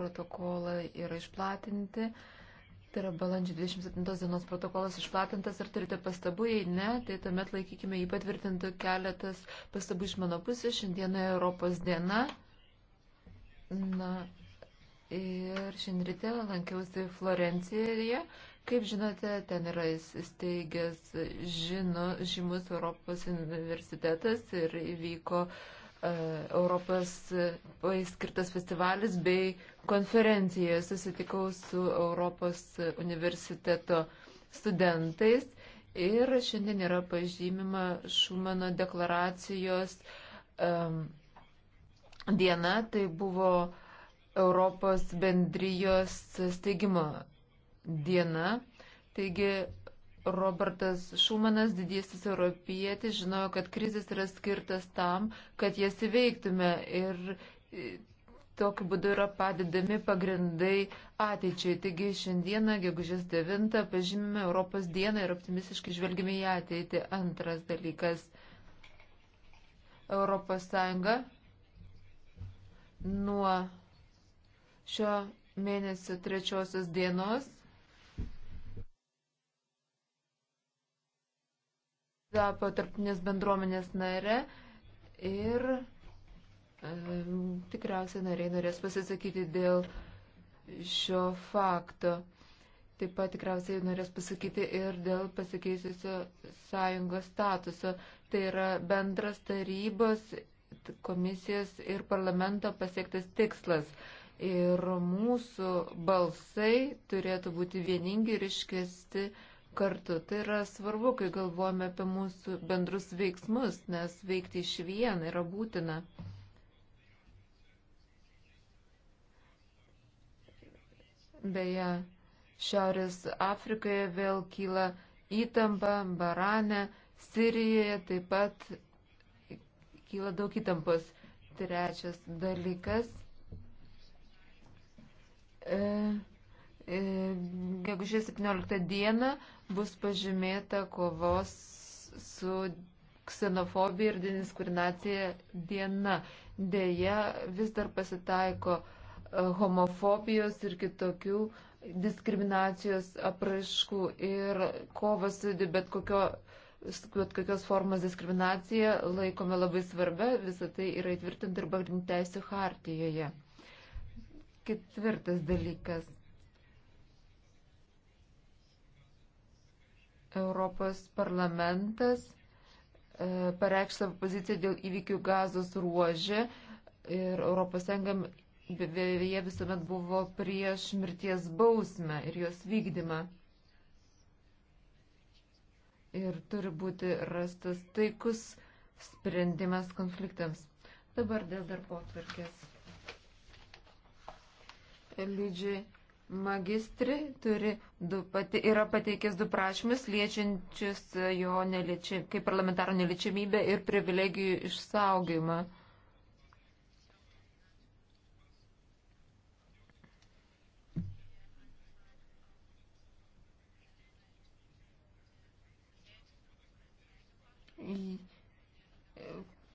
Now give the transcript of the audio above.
protokolai yra išplatinti. Tai yra balandžio 27 dienos protokolas išplatintas. Ar turite pastabų? Jei ne, tai tuomet laikykime jį patvirtintų keletas pastabų iš mano pusės. Šiandiena Europos diena. Na ir šiandien ryte lankiausi Florencijoje. Kaip žinote, ten yra įsteigęs žino, žymus Europos universitetas ir įvyko uh, E, Europos e, skirtas festivalis bei konferencija. Susitikau su Europos universiteto studentais ir šiandien yra pažymima Šumano deklaracijos um, diena. Tai buvo Europos bendrijos steigimo diena. Taigi Robertas Šumanas, didysis europietis, žinojo, kad krizis yra skirtas tam, kad jas įveiktume ir e, tokiu būdu yra padedami pagrindai ateičiai. Taigi šiandieną, gegužės 9, pažymime Europos dieną ir optimistiškai žvelgime į ateitį. Antras dalykas. Europos Sąjunga nuo šio mėnesio trečiosios dienos tapo tarptinės bendruomenės nare ir e, tikriausiai nariai norės pasisakyti dėl šio fakto. Taip pat tikriausiai norės pasakyti ir dėl pasikeisusio sąjungos statuso. Tai yra bendras tarybos, komisijos ir parlamento pasiektas tikslas. Ir mūsų balsai turėtų būti vieningi ir iškesti uh, kartu. Tai yra svarbu, kai galvojame apie mūsų bendrus veiksmus, nes veikti iš vien yra būtina. Beje, Šiaurės Afrikoje vėl kyla įtampa, Barane, Sirijoje taip pat kyla daug įtampos. Trečias dalykas. E, e, gegužės 17 dieną bus pažymėta kovos su ksenofobija ir diskriminacija diena. Deja, vis dar pasitaiko e, homofobijos ir kitokių diskriminacijos apraiškų ir kovas su bet, kokio, bet kokios formos diskriminacija laikome labai svarbia, visą tai yra įtvirtinta ir pagrindinių teisų hartijoje. Ketvirtas dalykas Europos parlamentas e, pareikš savo poziciją dėl įvykių gazos ruožė ir ES jie visuomet buvo prieš mirties bausmę ir jos vykdymą. Ir turi būti rastas taikus sprendimas konfliktams. Dabar dėl darbo atvarkės. Liūdžiai magistri turi du, pati, yra pateikęs du prašymus liečiančius jo nelieči, kaip parlamentaro neliečiamybę ir privilegijų išsaugimą.